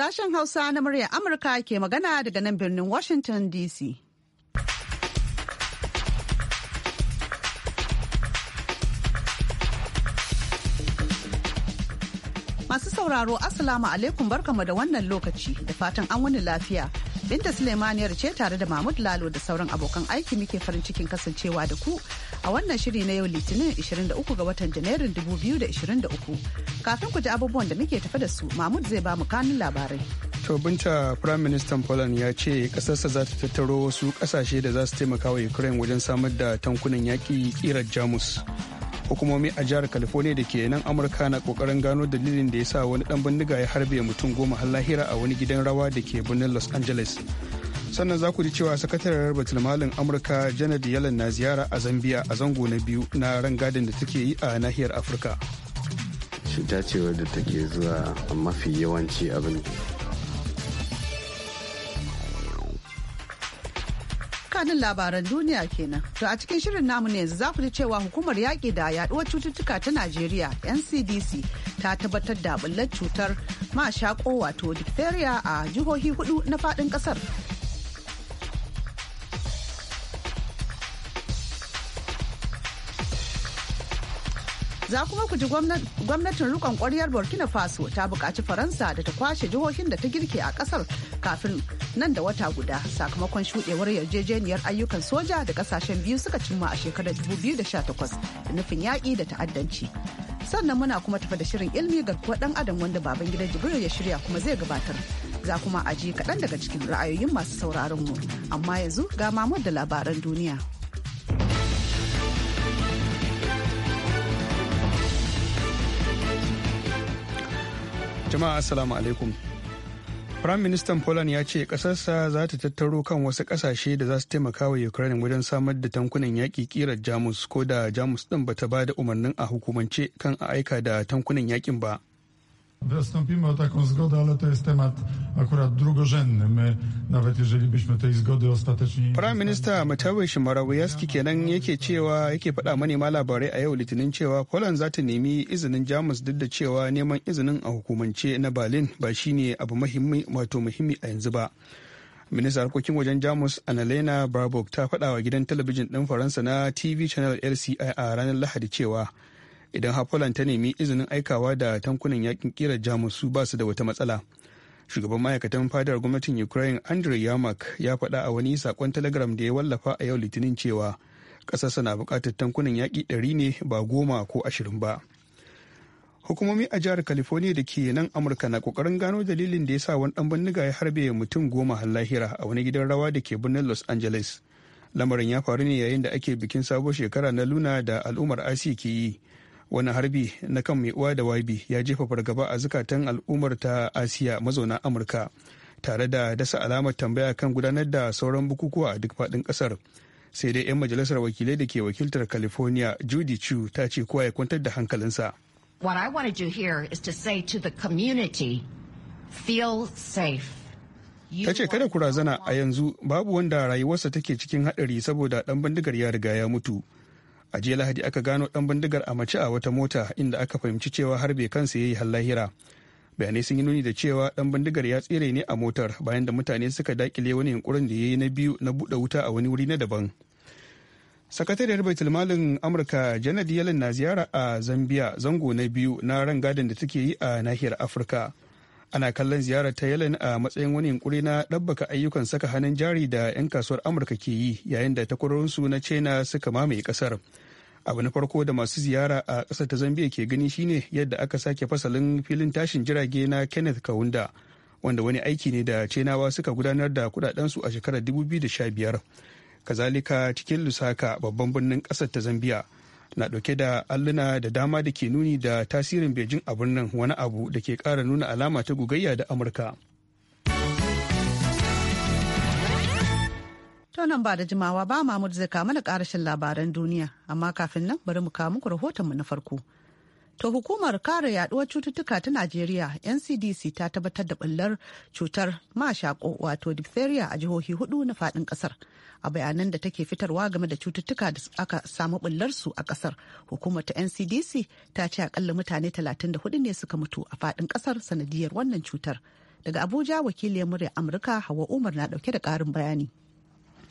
Sashen Hausa na muryar Amurka ke magana daga nan birnin Washington DC. Masu sauraro, "Asalamu alaikum barkamu da wannan lokaci da fatan an wani lafiya. Binta Suleimaniyar ce tare da Mahmud Lalo da sauran abokan aiki muke farin cikin kasancewa da ku a wannan shiri na yau Litinin 23 ga watan Janairun 2023. Kafin ku ji abubuwan da muke tafi da su, Mahmud zai ba mu kanun labarai. To binta Prime Minister Poland ya ce kasarsa za ta tattaro wasu kasashe da za su taimaka wa Ukraine wajen samar da tankunan yaƙi kirar Jamus. hukumomi a jihar california da ke nan amurka na kokarin gano dalilin da ya sa wani dan bindiga ya harbe mutum goma har lahira a wani gidan rawa da ke birnin los angeles sannan za ku ji cewa sakataren batul amurka janet yellen na ziyara a zambia a zango na biyu na ran gadin da take yi a nahiyar afirka cuta ce wadda take zuwa mafi yawanci abin kanin labaran duniya kenan. To a cikin shirin namu ne yanzu za ku ji cewa hukumar yaƙi da yaɗuwar cututtuka ta Najeriya NCDC ta tabbatar da bullar cutar mashaƙo wato diphtheria a jihohi hudu na faɗin ƙasar. Za kuma ku ji gwamnatin rikon kwaryar Burkina Faso ta buƙaci Faransa da ta kwashe jihohin da ta girke a ƙasar kafin nan da wata guda sakamakon shuɗewar yarjejeniyar ayyukan soja da ƙasashen biyu suka cimma a shekarar 2018 da nufin yaƙi da ta'addanci. Sannan muna kuma tafa da shirin ilmi ga ɗan adam wanda baban gidan Jibril ya shirya kuma zai gabatar. Za kuma aji kaɗan daga cikin ra'ayoyin masu sauraron mu. Amma yanzu ga mamud da labaran duniya. Jama'a Assalamu alaikum. Prime Minister Poland ya ce ƙasarsa za ta tattaro kan wasu ƙasashe da za su taimaka wa Ukraine wajen samar da tankunan yaƙi ƙirar Jamus ko da Jamus ɗin bata ba da umarnin a hukumance kan a aika da tankunan yaƙin ba. Wystąpimy o taką zgodę, ale to jest temat akurat drugorzędny. My, nawet jeżeli byśmy tej zgody ostatecznie... Prime Minister Mateusz Morawiecki kenan yake cewa yake faɗa ma labarai a yau litinin cewa Poland za ta nemi izinin Jamus duk da cewa neman izinin a hukumance na Berlin ba shine abu muhimmi wato muhimmi a yanzu ba. Ministan harkokin wajen Jamus Annalena Baerbock ta faɗa wa gidan talabijin ɗin Faransa na TV Channel LCI a ranar Lahadi cewa idan poland ta nemi izinin aikawa da tankunan yakin kira jamus ba su da wata matsala shugaban ma'aikatan fadar gwamnatin ukraine andrew yamak ya faɗa a wani sakon telegram da ya wallafa a yau litinin cewa ƙasarsa na buƙatar tankunan yaƙi ɗari ne ba goma ko ashirin ba hukumomi a jihar california da ke nan amurka na kokarin gano dalilin da ya sa wani dan bindiga ya harbe mutum goma har lahira a wani gidan rawa da ke birnin los angeles lamarin ya faru ne yayin da ake bikin sabuwar shekara na luna da al'ummar asi ke yi wani harbi na kan mai uwa da wabi ya jefa fargaba a zukatan al'ummar ta asiya mazauna amurka tare da dasa alamar tambaya kan gudanar da sauran bukukuwa a duk faɗin ƙasar sai dai 'yan majalisar wakilai da ke wakiltar california judy chu ta ce kowa ya kwantar da hankalinsa what want to do is to say to community feel safe ta ce kada ku razana a yanzu babu wanda rayuwarsa take cikin haɗari saboda ɗan bindigar ya riga ya mutu a jiya lahadi aka gano dan bindigar a mace a wata mota inda aka fahimci cewa harbe kansa ya yi lahira bayanai sun yi nuni da cewa dan bindigar ya tsere ne a motar bayan da mutane suka dakile wani yunkurin da ya yi na biyu na buɗe wuta a wani wuri na daban sakatariyar malin amurka janet yellen na ziyara a zambia zango na biyu na rangadin da take yi a nahiyar afirka ana kallon ziyarar ta yellen a matsayin wani yunkuri na ɗabbaka ayyukan saka hannun jari da 'yan kasuwar amurka ke yi yayin da takwarorinsu na china suka mamaye ƙasar abu na farko da masu ziyara a ƙasar ta zambia ke gani shine yadda aka sake fasalin filin tashin jirage na kenneth kawunda wanda wani aiki ne da cenawa suka gudanar da kudadensu a shekarar 2015 kazalika cikin lusaka babban birnin ƙasar ta zambia na ɗauke da alluna da dama da ke nuni da tasirin Beijing a birnin wani abu da ke ƙara nuna alama ta gugayya da Amurka. To nan ba da jimawa ba Mahmud zai kama da ƙarashin labaran duniya, amma kafin nan bari mu kawo muku rahoton mu na farko. To hukumar kare yaduwar cututtuka ta Najeriya NCDC ta tabbatar da bullar cutar ma mashako wato diphtheria a jihohi hudu na fadin kasar. A bayanan da take fitarwa game da cututtuka da aka samu bullar su a kasar, hukumar ta NCDC ta ce akalla mutane 34 ne suka mutu a fadin kasar sanadiyar wannan cutar. Daga Abuja wakiliyar murya Amurka Hawa Umar na dauke da karin bayani.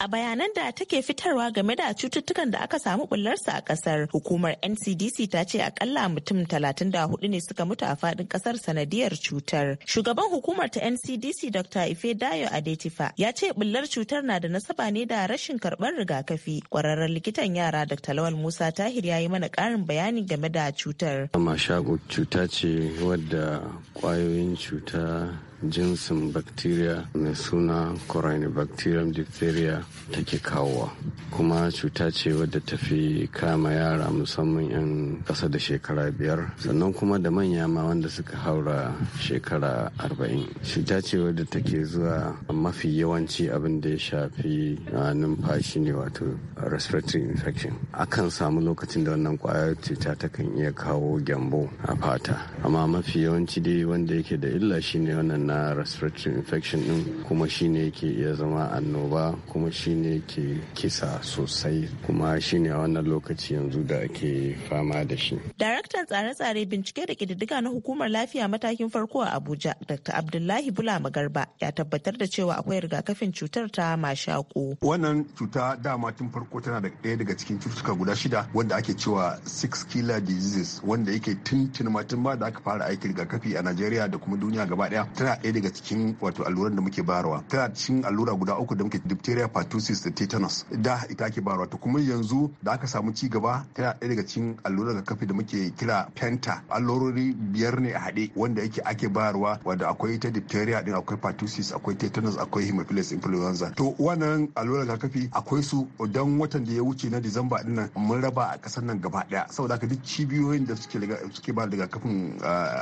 a bayanan da take fitarwa game da cututtukan da aka samu bullarsa a kasar hukumar ncdc ta ce akalla mutum 34 ne suka mutu a fadin kasar sanadiyar cutar shugaban hukumar ta ncdc dr ife dayo adetifa ya ce bullar cutar na da nasaba ne da rashin karɓar rigakafi kwararren likitan yara dr lawal musa tahir ya yi mana ƙarin bayani game da cutar mashaƙo cuta ce wadda ƙwayoyin cuta jinsin bacteria mai suna corynebacterium diphtheria take kawowa kuma cuta ce wadda ta fi kama yara musamman 'yan kasa da shekara biyar sannan kuma da manya ma wanda suka haura shekara arba'in cuta ce wadda take zuwa mafi yawanci abin da ya shafi ah, numfashi ne wato respiratory infection akan samu lokacin da wannan kwayar cuta kan iya kawo gyambo a fata amma mafi yawanci dai wanda yake da illa shine wannan na respiratory infection din kuma shine yake iya zama annoba kuma ne ke kisa sosai kuma shine a wannan lokaci yanzu da ake fama da shi. Daraktan tsare-tsare bincike da ƙididdiga na hukumar lafiya matakin farko a Abuja, Dr. Abdullahi Bula Magarba ya tabbatar da cewa akwai rigakafin cutar ta mashaƙo. Wannan cuta dama tun farko tana da ɗaya daga cikin cututtuka guda shida wanda ake cewa six killer diseases wanda yake tun tun ba da aka fara aiki rigakafi a Najeriya da kuma duniya gaba ɗaya tana ɗaya daga cikin wato alluran da muke barawa, Tana cikin allura guda uku da muke diphtheria tusis da tetanus da ita ake barwa to kuma yanzu da aka samu ci gaba ta ɗaya daga cikin allurar da kafi da muke kira penta allurori biyar ne a haɗe wanda yake ake bayarwa wanda akwai ta diphtheria din akwai pertussis akwai tetanus akwai hemophilus influenza to wannan allurar kafi akwai su don watan da ya wuce na disamba din nan mun raba a kasar nan gaba daya saboda haka duk cibiyoyin da suke suke ba kafin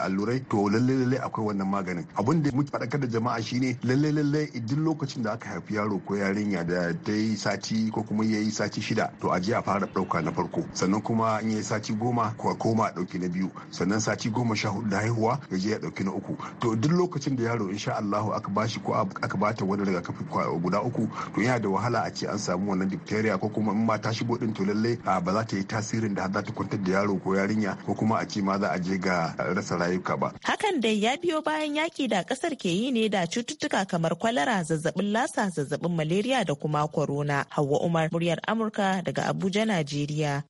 allurai to lalle lalle akwai wannan maganin abin da muke faɗakar da jama'a shine lalle lalle duk lokacin da aka haifi yaro ko yarinya da ta yi sati ko kuma ya yi sati shida to a je a fara ɗauka na farko sannan kuma in ya yi sati goma ko a koma a ɗauki na biyu sannan sati goma sha hudu da haihuwa ya je ya ɗauki na uku to duk lokacin da yaro insha Allahu aka ba shi ko aka bata wani rigakafi guda uku to yana da wahala a ce an samu wannan diphtheria ko kuma in ma ta shigo din to lalle ba za ta yi tasirin da za ta kwantar da yaro ko yarinya ko kuma a ce ma za a je ga rasa rayuka ba. Hakan dai ya biyo bayan yaki da kasar ke yi ne da cututtuka kamar kwalara zazzabin lasa zazzabin malaria da kuma corona. Hauwa Umar muryar Amurka daga Abuja, Najeriya.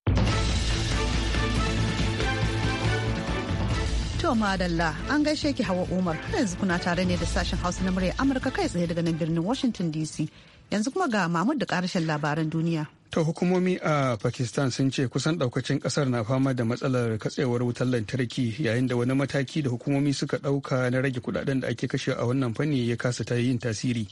To madalla an gaishe ki Hawa Umar har yanzu kuna tare ne da sashen Hausa na muryar Amurka kai tsaye daga nan birnin Washington DC. Yanzu kuma ga Mahmud da karshen labaran duniya. ta hukumomi a Pakistan sun ce kusan daukacin kasar na fama da matsalar katsewar wutar lantarki yayin da wani mataki da hukumomi suka dauka na rage kudaden da ake kashe a wannan fanni ya kasa ta yin tasiri.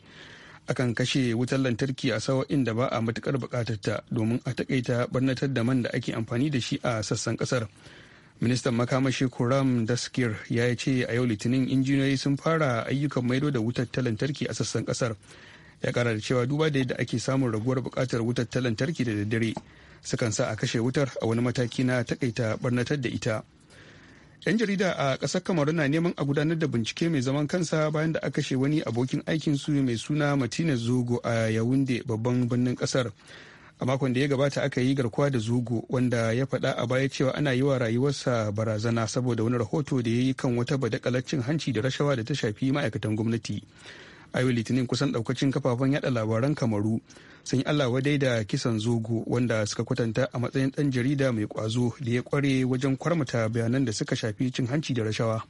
akan kashe wutar lantarki a sawa'in da ba a matukar bukatar ta domin a takaita barnatar da man da ake amfani da shi a sassan kasar ministan makamashi kuram daskir ya ce a yau litinin injiniyoyi sun fara ayyukan maido da wutar ta lantarki a sassan kasar ya kara da cewa duba da yadda ake samun raguwar bukatar wutar ta lantarki da daddare sukan sa a kashe wutar a wani mataki na takaita barnatar da ita 'yan jarida a ƙasar kamaru na neman a gudanar da bincike mai zaman kansa bayan da aka she wani abokin aikin su mai suna matina zogo a yawunde babban birnin ƙasar a makon da ya gabata aka yi garkuwa da zogo wanda ya faɗa a baya cewa ana yi wa rayuwarsa barazana saboda wani rahoto da ya yi kan wata badakalar cin hanci da rashawa da ta shafi ma'aikatan gwamnati a yau litinin kusan daukacin kafafen yada labaran kamaru sun yi allah wadai da kisan zogo wanda suka kwatanta a matsayin dan jarida mai kwazo da ya kware wajen kwarmata bayanan da suka shafi cin hanci da rashawa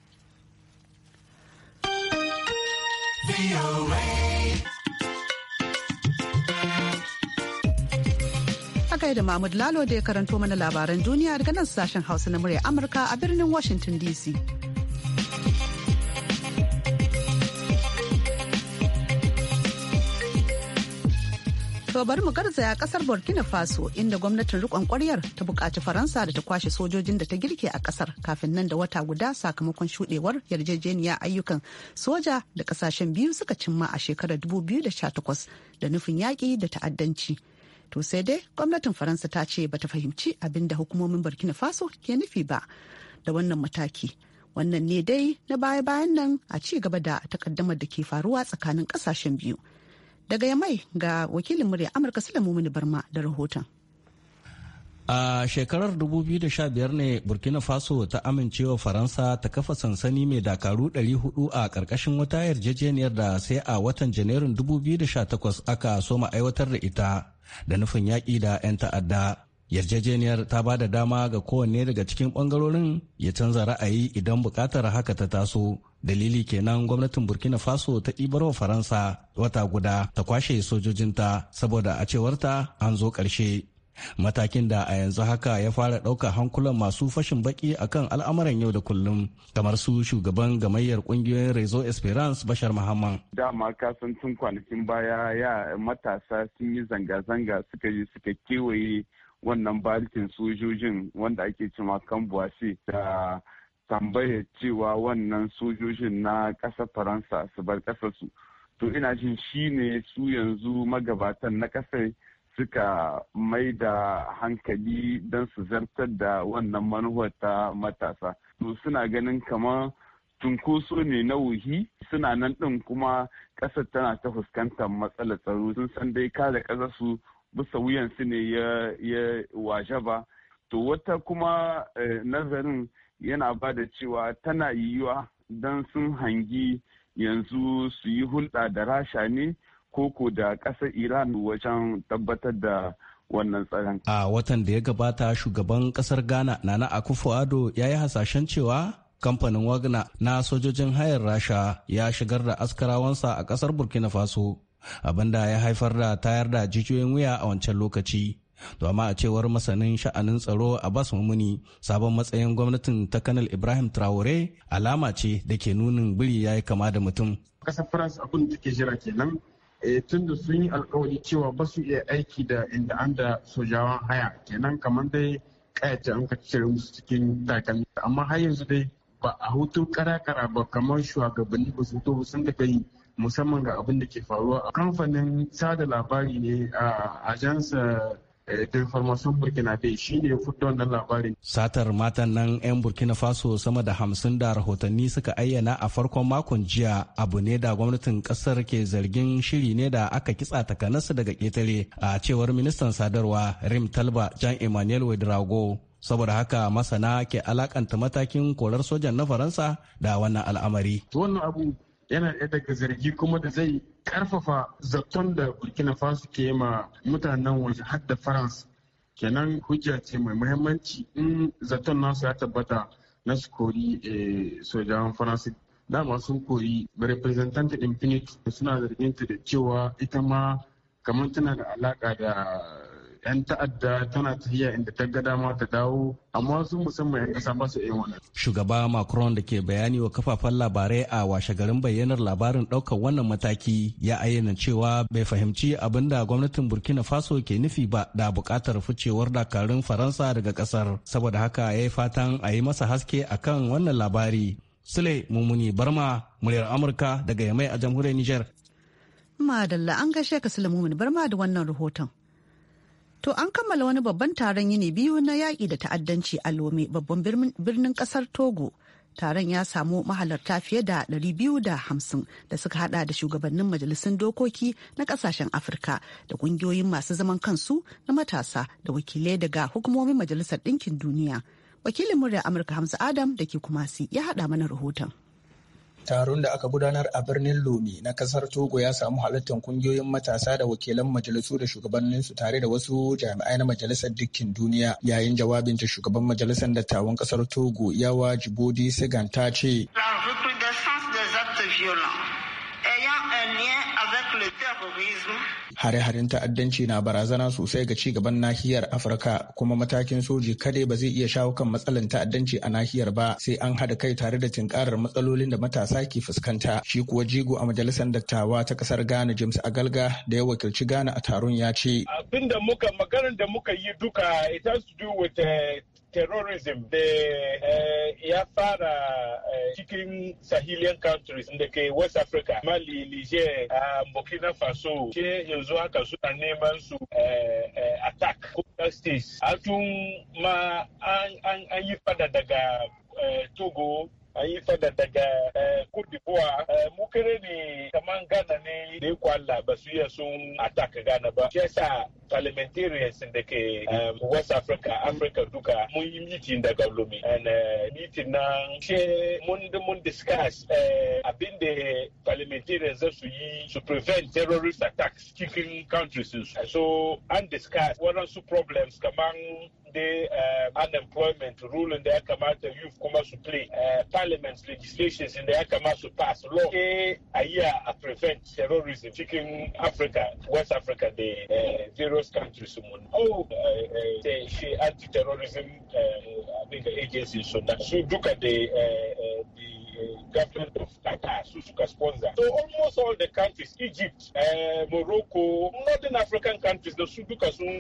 aka da Mahmud Lalo da ya karanto mana labaran duniya daga nan sashen Hausa na murya Amurka a birnin Washington DC. To bari mu garzaya kasar Burkina Faso inda gwamnatin rikon kwaryar ta bukaci Faransa da ta kwashe sojojin da ta girke a kasar kafin nan da wata guda sakamakon shuɗewar yarjejeniya ayyukan soja da kasashen biyu suka cimma a shekarar 2018 da nufin yaƙi da ta'addanci. To sai dai gwamnatin Faransa ta ce bata fahimci abin da hukumomin Burkina Faso ke nufi ba da wannan mataki. Wannan ne dai na baya-bayan nan a ci gaba da takaddamar da ke faruwa tsakanin kasashen biyu. Daga Yamai ga wakilin murya Amurka Sulaimu Barma da rahoton. A shekarar 2015 ne Burkina Faso ta amincewa Faransa ta kafa sansani mai dakaru 400 a ƙarƙashin wata yarjejeniyar da sai a watan Janairun 2018 aka soma aiwatar da ita da nufin yaƙi da 'yan ta'adda. yarjejeniyar ta ba da dama ga kowanne daga cikin bangarorin ya canza ra'ayi idan bukatar haka ta taso dalili kenan gwamnatin burkina faso ta wa faransa wata guda ta kwashe sojojinta saboda a cewarta an zo ƙarshe matakin da a yanzu haka ya fara ɗaukar hankulan masu fashin baki akan al'amuran yau da kullum kamar su shugaban gamayyar ƙungiyoyin rezo esperance bashar muhammad dama kasan tun kwanakin baya ya matasa sun yi zanga-zanga suka yi suka kewaye wannan barikin sojojin wanda ake cima kambuwasi da tambaya cewa wannan sojojin na ƙasar faransa su bar ƙasarsu to ina jin shi ne su yanzu magabatan na ƙasar suka mai da hankali don su zartar da wannan manuwar ta matasa to suna ganin kamar cunkoso ne na wuhi suna nan ɗin kuma ƙasar tana ta fuskantar matsalar tsaro sun san dai kare ƙasarsu bisa wuyansu ne ya ba to wata kuma eh, nazarin yana ba da cewa tana yiwuwa don sun hangi yanzu su yi hulɗa da rasha ne koko da ƙasar iran wajen tabbatar da wannan tsaron. a watan da ya gabata shugaban ƙasar ghana nana akufo ado ya yi hasashen cewa kamfanin wagna na sojojin hayar rasha ya shigar da askarawansa a ƙasar burkina faso da ya haifar da tayar da jijiyoyin wuya a wancan lokaci to amma a cewar masanin sha'anin tsaro a bas mumuni sabon matsayin gwamnatin ta kanal ibrahim traore alama ce da ke nunin biri ya yi kama da mutum kasar france abin da take jira kenan eh, tun da sun yi alkawari cewa ba su iya aiki da inda an da sojawan haya kenan kamar dai kayace an ka cire musu cikin takalmi amma har yanzu dai ba a hutu kara-kara ba kamar shugabanni ba su to sun da kai musamman ga abin da ke faruwa a kamfanin sada labari ne a ajansa eh, da information burkina faso shi ne fito wannan labarin satar matan nan 'yan burkina faso sama da hamsin da rahotanni suka ayyana a farkon makon jiya abu ne da gwamnatin kasar ke zargin shiri ne da aka kitsa takanarsa daga ketare a cewar ministan sadarwa rim talba jan emmanuel wedrago saboda haka masana ke alakanta matakin korar sojan na faransa da wannan al'amari wannan abu yana ɗaya daga zargi kuma da zai karfafa zaton da burkina faso ke ma mutanen waje har faransa kenan hujja ce mai muhimmanci in zaton nasu ya tabbata na su kori eh, sojan faransa dama sun kori representant din suna zargin ta da cewa ita ma kamar tana da alaka da 'yan ta'adda tana tafiya inda ta ga dama ta dawo amma sun musamman 'yan kasa ba su yi wannan. Shugaba Macron da ke bayani wa kafafen labarai a washe garin bayyanar labarin ɗaukar wannan mataki ya ayyana cewa bai fahimci abin da gwamnatin Burkina Faso ke nufi ba da buƙatar ficewar dakarun Faransa daga ƙasar. Saboda haka ya yi fatan a yi masa haske akan wannan labari. Sule Mumuni Barma, muryar Amurka daga Yamai a jamhuriyar Nijar. Madalla an gaishe ka Sule Mumuni Barma da wannan rahoton. To an kammala wani babban taron yini biyu na yaƙi da ta'addanci a Lome babban birnin ƙasar Togo. Taron ya samu mahalarta fiye da ɗari biyu da hamsin da suka hada da shugabannin majalisun dokoki na ƙasashen Afirka da ƙungiyoyin masu zaman kansu na matasa da wakilai daga hukumomin Majalisar Ɗinkin Duniya. Wakilin murya Amurka Hamza Adam da ke kumasi ya haɗa mana rahoton. Taron da aka gudanar a birnin Lomi na kasar Togo ya samu halartar kungiyoyin matasa da wakilan majalisu da shugabanninsu tare da wasu jami'ai na majalisar dukkin duniya. Yayin jawabin ta shugaban majalisar dattawan kasar Togo Yawa Jibodi Sigan ta ce. Hare-haren ta'addanci na barazana sosai ga ci gaban nahiyar Afirka kuma matakin soji kadai ba zai iya shawo kan matsalan ta'addanci a nahiyar ba sai an haɗa kai tare da tinkarar matsalolin da matasa ke fuskanta. Shi kuwa jigo a majalisar dattawa ta ƙasar Ghana James Agalga da ya wakilci Ghana a taron ya ce. muka maganar da muka yi duka it eh, terrorism da eh, ya fara eh, cikin sahelian countries da ke west africa mali niger a eh, burkina faso ke yanzu haka suna neman su attack ko justice a tun ma an yi fada daga togo ayifa da daga Cote d'Ivoire mukere ne kaman Ghana ne da ya kwalla ba su iya sun ataka Ghana ba shi yasa parliamentarians da ke eh, West Africa Africa duka mun yi meeting da Gablomi and eh, meeting nan she mun mun discuss eh, abin da parliamentarians za su yi to prevent terrorist attacks cikin countries so an discuss waɗansu problems kaman the uh, unemployment rulin da ya kamata youth kuma to play Parliament's legislations in the kamata to pass law a year to prevent terrorism cikin africa west africa the uh, various countries mun um, oh da uh, shi anti-terrorism abin da agency su na look at the. government of Qatar su sponsor. So almost all the countries, Egypt, eh, Morocco, northern African countries da su duka sun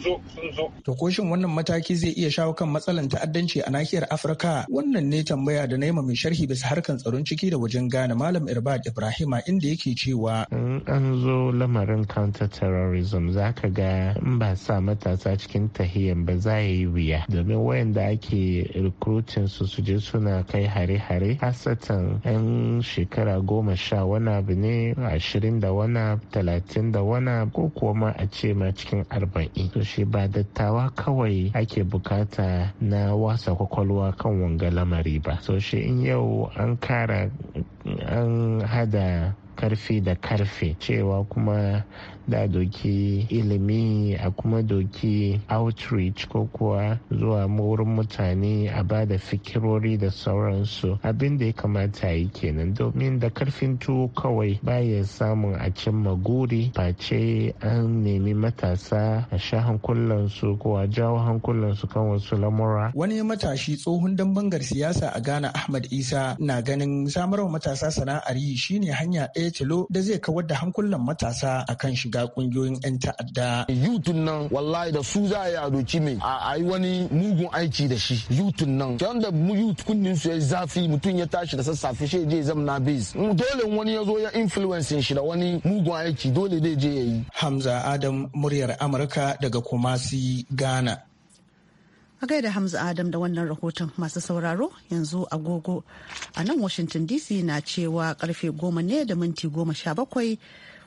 zo sun To ko wannan mataki zai iya shawo kan matsalan ta'addanci a nahiyar Afirka? Wannan ne tambaya da naima mai sharhi bisa harkan tsaron ciki da wajen gane Malam Irbad Ibrahima inda yake cewa in an zo lamarin counter terrorism za ka ga in ba sa matasa cikin tahiyan ba za yi wuya domin wayanda ake recruiting su su suna kai hare-hare satan 'yan shekara goma sha wani abu ne ashirin da wani talatin da wani ko kuwa ma a ce ma cikin arba'in to shi ba dattawa kawai ake bukata na wasa kwakwalwa kan wanga lamari ba so shi in yau an kara an hada karfi da karfe cewa kuma da doki ilimi a kuma doki outreach ko kuwa zuwa wurin mutane a ba da fikirori da sauransu abin da ya kamata yi kenan domin da karfin tuwo kawai baya samun a cimma guri face an nemi matasa a sha hankulansu ko a jawo hankulansu kan wasu lamura wani matashi tsohon dan bangar siyasa a ghana ahmad isa na ganin samarwa matasa sana'ar yi shine hanya ɗaya tilo da zai kawar da hankulan matasa a kan shiga ta kungiyoyin 'yan ta'adda. Yutun nan wallahi da su za a yi a doki mai a yi wani mugun aiki da shi yutun nan. Kyan da yut kunnin su ya zafi mutum ya tashi da sassafe shi je zamna biz. Dole wani ya zo ya influence shi da wani mugun aiki dole zai je ya yi. Hamza Adam muryar Amurka daga Kumasi Ghana. A gaida Hamza Adam da wannan rahoton masu sauraro yanzu agogo a nan Washington DC na cewa karfe goma ne da minti goma sha bakwai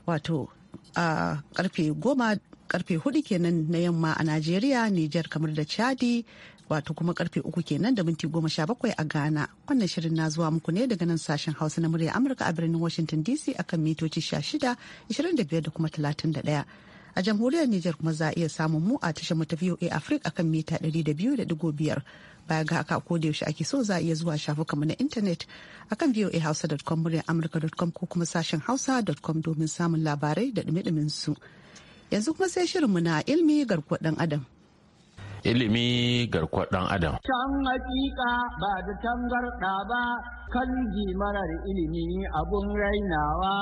wato a karfe goma karfe hudu kenan na yamma a Najeriya, Nijar kamar da Chadi wato kuma karfe uku kenan da minti goma sha bakwai a Ghana. Wannan shirin na zuwa muku ne daga nan sashen Hausa na murya Amurka a birnin Washington DC akan mitoci sha shida, ishirin da biyar da kuma talatin da ɗaya. a jamhuriyar Nijar kuma za a iya samun mu a tashar mu ta VOA Africa akan mita da da biyar baya ga haka ko da yaushe ake so za a iya zuwa shafukanmu na intanet akan voahausa.com muryar amurka.com ko kuma sashen hausa.com domin samun labarai da dumi su yanzu kuma sai shirinmu na ilmi garkuwar dan adam ilimi garkuwar dan adam can hakika ba da tangarda ba kanji marar ilimi abun rainawa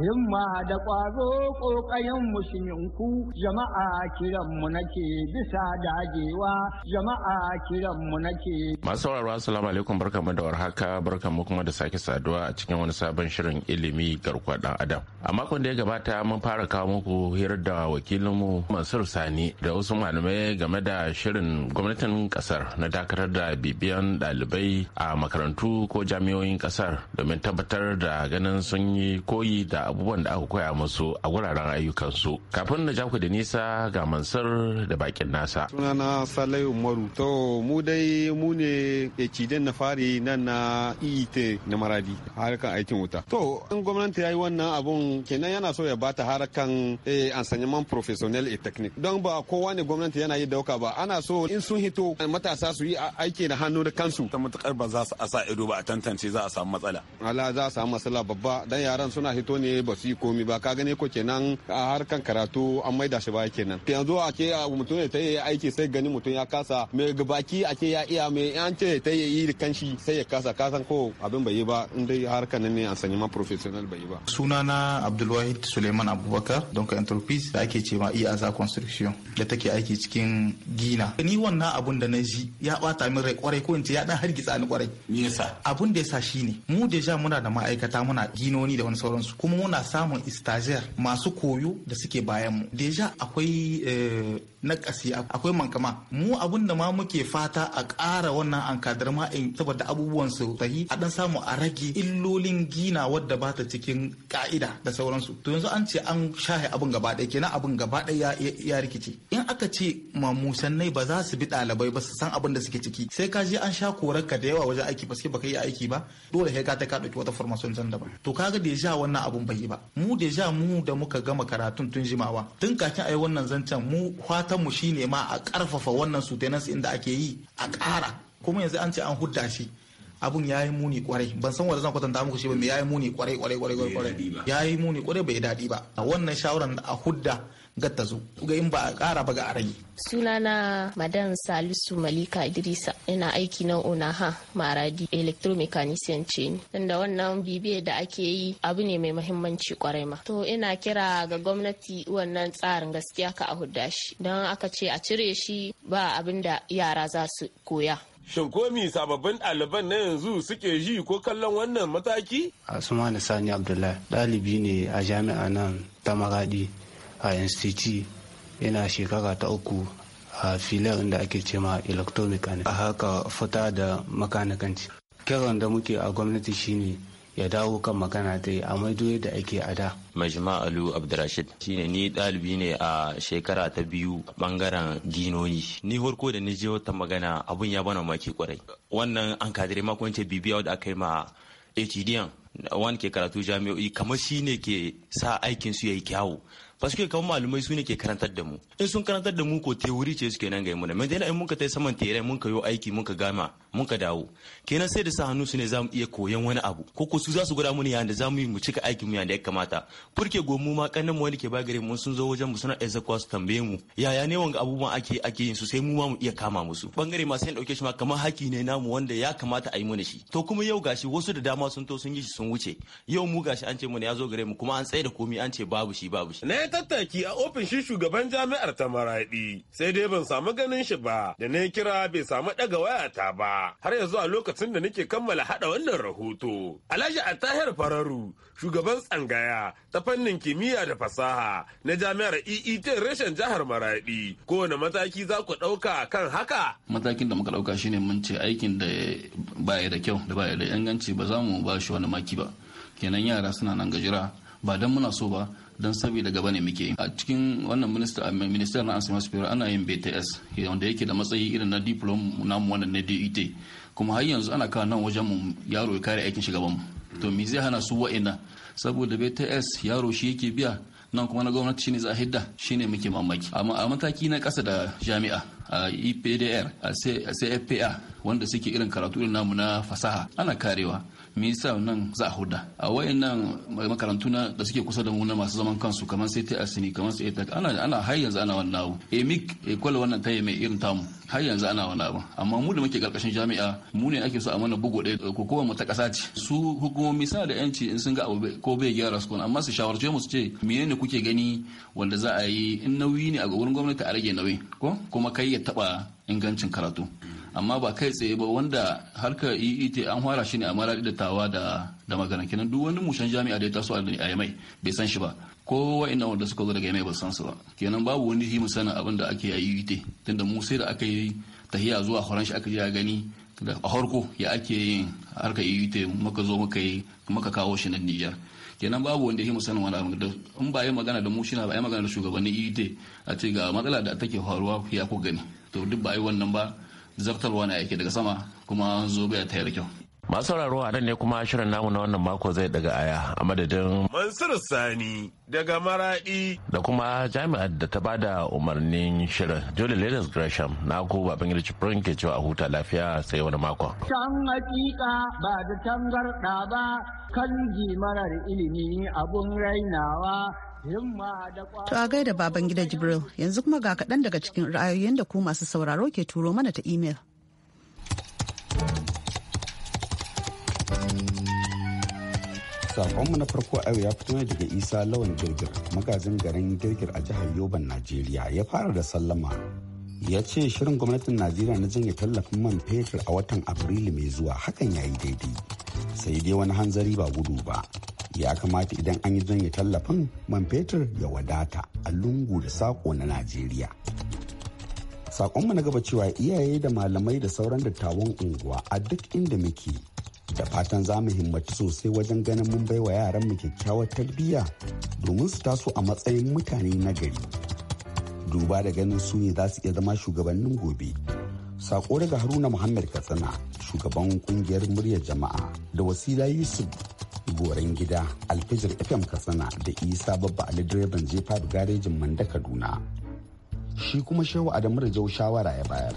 himma da ƙwazo ƙoƙayen musulminku jama'a kiranmu nake bisa dajewa jama'a kiranmu nake. Masu sauraro assalamu alaikum barkamu da warhaka barkamu kuma da sake saduwa a cikin wani sabon shirin ilimi garkuwa dan adam. A makon da ya gabata mun fara kawo muku hirar da wakilinmu Mansur Sani da wasu malamai game da shirin gwamnatin kasar na dakatar da bibiyan ɗalibai a makarantu ko jami'o. jami'oyin kasar domin tabbatar da ganin sun yi koyi da abubuwan da aka koya musu a wuraren ayyukansu kafin na jaku da nisa ga mansur da bakin nasa sunana salai umaru to mu dai mu ne eciden na fari nan na iit e na maradi harkan aikin wuta to in gwamnati ya yi wannan abun kenan yana so ya bata harkan eh, enseignement professional et technique don ba kowa ne gwamnati yana yi dauka ba ana so in sun hito matasa su yi aiki da hannu da kansu ta matukar ba za su asa ido ba a tantance ce za a samu matsala ala za a samu matsala babba dan yaran suna hito ne ba su yi komi ba ka gane ko kenan a harkan karatu an maida shi ba kenan yanzu a ce mutum ya ta yi aiki sai gani mutum ya kasa mai gabaki a ce ya iya mai an ce ta yi yi kanshi sai ya kasa kasan ko abin bai yi ba in dai harkan ne an sanya ma professional bai yi ba sunana abdulwahid suleiman abubakar donc entreprise da ake ce ma iasa e construction da take aiki cikin gina ni wannan abun da na ji ya bata min rai kwarai ko in ce ya dan hargitsa ni kwarai me yasa abun da sa ne mu deja muna da ma'aikata muna ginoni da wani sauransu kuma muna samun istajiyar masu koyo da suke bayan mu deja akwai eh, na kasi akwai mankama mu abun da ma muke fata a kara wannan an kadar ma'in saboda abubuwan su tahi a dan samu a rage illolin gina wadda ba ta cikin ka'ida da sauransu to yanzu an ce an shahe abun gaba ɗaya kenan abun gaba ɗaya ya rikice in aka ce ma musannai ba za su bi ɗalibai ba su san abin da suke ciki sai ka je an sha korar ka da yawa wajen aiki ba sai baka yi aiki ba ba dole sai ka ta ka dauki wata formation can daban to kaga deja wannan abun bai yi ba mu deja mu da muka gama karatun tun jimawa tun kafin a yi wannan zancen mu fatan mu shine ma a karfafa wannan sutenance inda ake yi a ƙara kuma yanzu an ce an hudda shi abun ya yi muni kwarai ban san wanda zan kwatanta muku shi ba me ya yi muni kwarai kwarai kwarai kwarai ya muni kwarai bai daɗi ba wannan shawaran a hudda gatta zo ga in ba a kara ba ga a rage sunana madan salisu malika idrisa yana aiki na onaha maradi electromechanician ce ni tunda wannan bibiyar da ake yi abu ne mai mahimmanci kwarai ma to ina kira ga gwamnati wannan tsarin gaskiya ka a hudda shi don aka ce a cire shi ba abin da yara za su koya Shin komi sababbin ɗaliban na yanzu suke ji ko kallon wannan mataki? Asuma Sani Abdullahi ɗalibi ne a jami'a nan ta Maradi. a nct yana shekara ta uku a filiyar inda ake cema electromechanic a haka fita da makanikanci kiran da muke a gwamnati shine ya dawo kan magana ta yi a maido da ake a da. Majma Alu Shi shine ni dalibi ne a shekara ta biyu bangaren ginoni. Ni horko da ni je wata magana abun ya bana maki kwarai. Wannan an kadire ma bibiya da aka yi ma HDN wani ke karatu jami'o'i kamar shi ne ke sa aikin su yayi kyawu. parce que kamar malumai su ne ke karantar da mu in sun karantar da mu ko teori ce suke nan ga mu mai dai in mun ka tai saman tere mun ka yo aiki mun ka gama mun ka dawo kenan sai da sa hannu su ne zamu iya koyan wani abu ko ko su za su gwada muni yanda zamu yi mu cika aiki mu yanda ya kamata furke mu ma kannan mu wani ke ba gare mu sun zo wajen mu suna iya su tambaye mu yaya ne wanga abubuwan ake ake yin su sai mu ma mu iya kama musu bangare ma sai dauke shi ma kamar haki ne namu wanda ya kamata a yi mana shi to kuma yau gashi wasu da dama sun to sun yi shi sun wuce yau mu gashi an ce mu ya zo gare mu kuma an tsaye da komi an ce babu shi babu shi tattaki a ofishin shugaban jami'ar ta maraɗi sai dai ban samu ganin shi ba da na kira bai samu ɗaga wayata ba har yanzu a lokacin da nake kammala haɗa wannan rahoto. Alhaji Attahir Fararu shugaban tsangaya ta fannin kimiyya da fasaha na jami'ar EET reshen jihar Maraɗi kowane mataki za ku ɗauka kan haka. Matakin da muka ɗauka shine mun ce aikin da ba ya da kyau da ba ya da inganci ba za mu ba shi wani maki ba kenan yara suna nan gajira ba don muna so ba don saboda gaba ne muke a cikin wannan minista minister na asima superior ana yin bts wanda yake da matsayi irin na diplom namu wannan na det kuma har yanzu ana kawo nan wajen mu yaro ya kare aikin shugaban mu to me zai hana su wa'ina saboda bts yaro shi yake biya nan kuma na gwamnati shine za a hidda shine muke mamaki amma a mataki na kasa da jami'a a epdr a cfpa wanda suke irin karatu irin namu na fasaha ana karewa me yasa nan za a huda a wayannan makarantu na da suke kusa da mu na masu zaman kansu kamar sai ta asini kamar sai ta ana ana har yanzu ana wannan abu emic eh, ekol eh, wannan ta mai irin tamu har yanzu ana wannan abu amma mu da muke karkashin jami'a mu ne ake so a mana bugu ɗaya eh, ko kowa mu ta ƙasa ce su hukumomi suna da yanci in sun ga abu ko bai gyara su amma su shawarce mu su ce menene kuke gani wanda za a yi in nauyi ne a wurin gwamnati a rage nauyi ko kuma kai ya taba ingancin karatu amma ba kai tsaye ba wanda harkar EET an fara shi ne a mara da tawa da da magana kenan duk wani mushan jami'a da ya taso a yamai bai san shi ba ko ina wanda suka zo daga yamai ba san su ba kenan babu wani himu sanin abin da ake a EET tunda mu sai da aka yi tahiya zuwa horon shi aka je gani a harko ya ake yin harkar EET muka zo muka yi muka kawo shi nan Nijar kenan babu wanda ya musanin wani abu in ba yi magana da mu shi na ba yi magana da shugabannin EET a ce ga matsala da take faruwa ya ku gani to duk ba yi wannan ba zartarwa na yake daga sama kuma zobe ta tayar kyau masu sauraro a nan ne kuma shirin namu na wannan mako zai daga aya a madadin mansur sani daga maradi da kuma jami'ar da ta bada umarnin shirin jolly ladies gresham na ku babin girci ke cewa a huta lafiya sai wani mako. can hakika ba da tangarda ba kan ji marar ilimi abun rainawa To a gaida baban gida Jibril yanzu kuma ga kaɗan daga cikin ra'ayoyin da ku masu sauraro ke turo mana ta imel. Sakonmu na farko a yau ya fito ne daga Isa Lawan Girgir, magajin garin Girgir a jihar Yoban, Najeriya ya fara da sallama. Ya ce shirin gwamnatin Najeriya na janye tallafin man fetur a watan Afrilu mai zuwa hakan ya yi daidai. Sai dai wani hanzari ba gudu ba. ya kamata idan an yi janye tallafin man fetur ya wadata a lungu da sako na najeriya sakonmu na gaba cewa iyaye da malamai da sauran dattawan unguwa a duk inda muke da fatan za mu himmatu sosai wajen ganin mun baiwa yaran mu kyakkyawar tarbiyya domin su taso a matsayin mutane na gari duba da ganin su ne za su iya zama shugabannin gobe sako daga haruna muhammad katsina shugaban kungiyar muryar jama'a da wasila yusuf goren gida alfijir fm katsina da isa babba ali direban jefa garejin manda kaduna shi kuma shehu adamu jau shawara ya bayar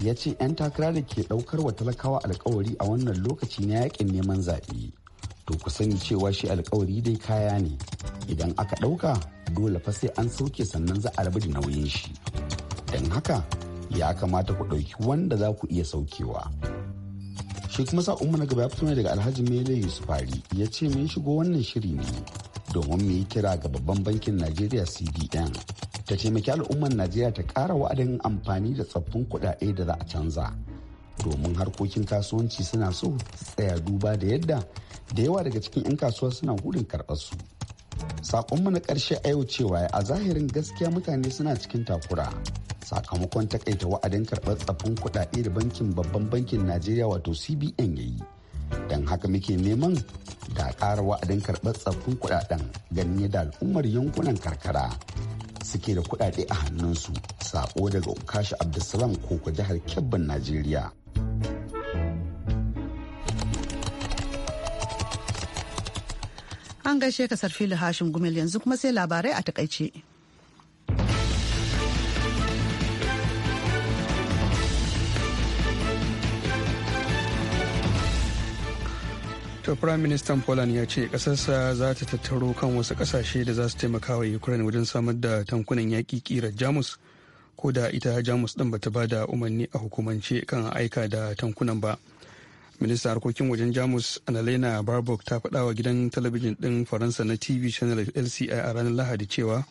ya ce 'yan takara da ke daukar wa talakawa alkawari a wannan lokaci na yakin neman zaɓe to ku sani cewa shi alkawari dai kaya ne idan aka dauka dole fa sai an sauke sannan za a rabu da nauyin shi don haka ya kamata ku ɗauki wanda za ku iya saukewa. shi kuma sa'unmu na gaba ya fito ne daga alhaji mele fari ya ce mun shigo wannan shiri ne domin mu yi kira ga babban bankin najeriya cbn ta taimaki al'ummar najeriya ta kara wa'adin amfani da tsaffin kuɗaɗe da za a canza domin harkokin kasuwanci suna so tsaya duba da yadda da yawa daga cikin 'yan kasuwa suna gudun karɓar su sakonmu na ƙarshe a yau cewa a zahirin gaskiya mutane suna cikin takura sakamakon takaita wa'adin karɓar tsaffin kuɗaɗe da bankin babban bankin najeriya wato cbn ya yi don haka muke neman da ƙara wa'adin karɓar tsaffin kuɗaɗen ganin da al'ummar yankunan karkara suke da kuɗaɗe a hannunsu sako daga ukashi abdulsalam koko jihar kebban najeriya An gaishe ka Sarfilu Hashim Gumel yanzu kuma sai labarai a takaice. to prime minister poland ya ce kasarsa za ta tattaro kan wasu kasashe da za su taimaka wa ukraine wajen samar da tankunan yaƙi ƙirar jamus ko da ita jamus ɗin bata ba da umarni a hukumance kan aika da tankunan ba minista harkokin wajen jamus annalena barbok ta faɗa wa gidan talabijin ɗin faransa na tv channel lci a ranar lahadi cewa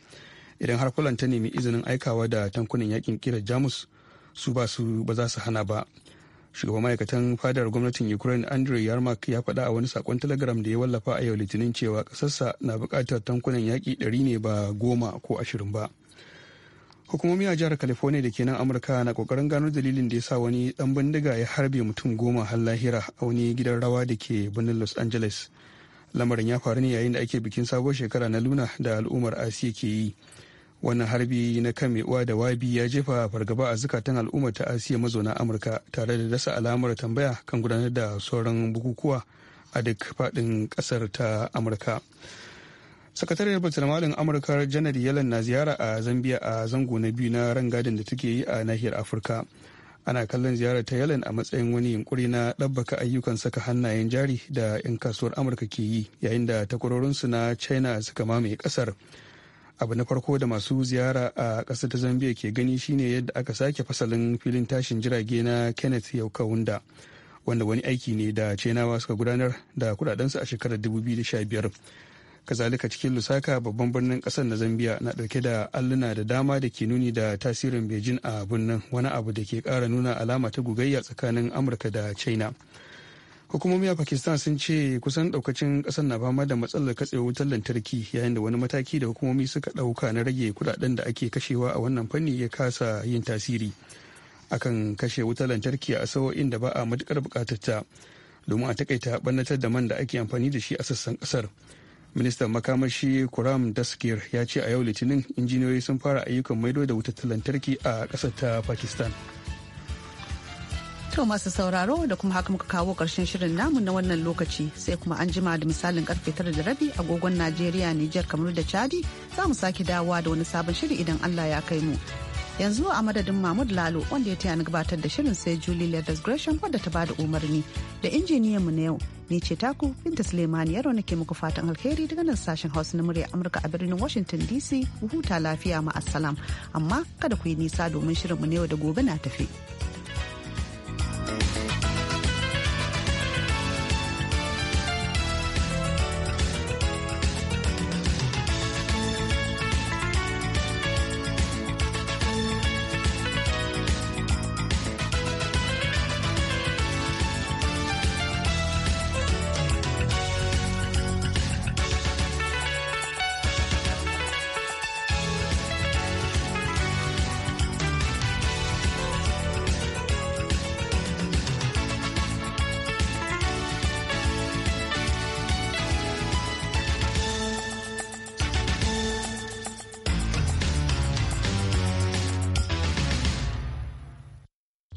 idan har poland ta nemi izinin aikawa da tankunan yakin kira jamus su ba su ba za su hana ba shugaban ma'aikatan fadar gwamnatin ukraine andrew yarmak ya faɗa a wani sakon telegram da ya wallafa a yau litinin cewa ƙasarsa na buƙatar tankunan yaƙi ɗari ne ba goma ko ashirin ba hukumomi a jihar california da ke nan amurka na kokarin gano dalilin da ya sa wani dan bindiga ya harbe mutum goma har lahira a wani gidan rawa da ke birnin los angeles lamarin ya faru ne yayin da ake bikin sabuwar shekara na luna da al'ummar asiya ke yi wannan harbi na kan mai uwa da wabi ya jefa fargaba a zukatan al'ummar ta asiya mazauna amurka tare da dasa alamar tambaya kan gudanar da sauran bukukuwa a duk faɗin ƙasar ta amurka sakatariyar batar malin amurka janet yellen na ziyara a zambia a zango na biyu na rangadin da take yi a nahiyar afirka ana kallon ziyarar ta yellen a matsayin wani yunkuri na ɗabbaka ayyukan saka hannayen jari da 'yan kasuwar amurka ke yi yayin da takwarorinsu na china suka mamaye kasar abu na farko da masu ziyara a ƙasar ta zambia ke gani shine yadda aka sake fasalin filin tashin jirage na kenneth yaukawunda wanda wani aiki ne da chinawa suka gudanar da kudadensu a shekarar 2015 kazalika cikin lusaka babban birnin kasar na zambia na dauke da alluna da dama da ke nuni da tasirin beijing a birnin wani abu da ke kara nuna alama ta gugayya tsakanin amurka da china hukumomi a pakistan sun ce kusan daukacin kasar na fama da matsalar katsewar wutar lantarki yayin da wani mataki da hukumomi suka dauka na rage kudaden da ake kashewa a wannan fanni ya kasa yin tasiri akan kashe wutar lantarki a sa'o'in da ba a matukar bukatarta domin a takaita ɓannatar da man da ake amfani da shi a sassan kasar ministan makamashi kuram daskir ya ce a yau litinin injiniyoyi sun fara ayyukan maido da wutar lantarki a ƙasar ta pakistan to masu sauraro da kuma haka muka kawo ƙarshen shirin namu na wannan lokaci sai kuma an jima da misalin karfe tara da rabi agogon najeriya nijar kamar da chadi za mu sake dawowa da wani sabon shiri idan allah ya kai mu yanzu a madadin mahmud lalo wanda ya taya ni gabatar da shirin sai julie leathers gresham wadda ta bada umarni da injiniyan mu na yau ni ce taku Binta suleimani yaro nake muku fatan alheri daga nan sashen Hausa na murya Amurka a birnin Washington DC huta lafiya ma assalam amma kada ku yi nisa domin shirinmu na yau da gobe na tafi.